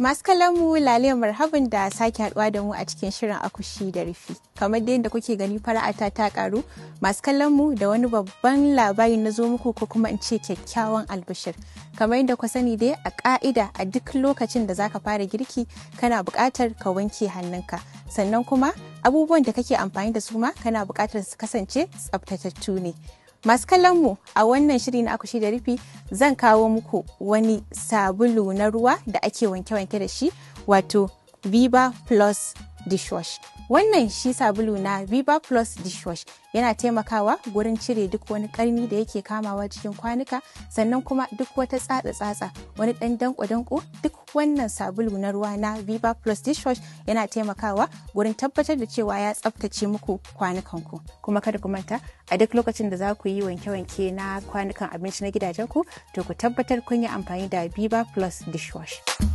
Masu mu lale marhabin da sake haduwa da mu a cikin shirin akushi da rufi. Kamar da yadda kuke gani fara'ata ta karu, masu mu da wani babban labari na zo muku ko kuma in ce kyakkyawan albishir. Kamar yadda ku sani dai a ka'ida a duk lokacin da zaka fara girki kana buƙatar ka wanke hannunka. Sannan kuma abubuwan da kake amfani da su ma kana buƙatar su kasance tsaftatattu ne. Masu kallon mu a wannan shiri na akushi da rufi zan kawo muku wani sabulu na ruwa da ake wanke-wanke da shi wato Viva Plus dishwash wannan shi sabulu na viva plus dishwash yana taimakawa gurin cire duk wani karni da yake kamawa cikin kwanuka sannan kuma duk wata tsatsa tsatsa wani dan danko danko duk wannan sabulu na ruwa na viva plus dishwash yana taimakawa gurin tabbatar da cewa ya tsaftace muku kwanukan ku. kuma kada ku manta a duk lokacin da za ku yi wanke-wanke na kwanukan abinci na gidajen ku to ku tabbatar kun yi amfani da viva plus dishwash.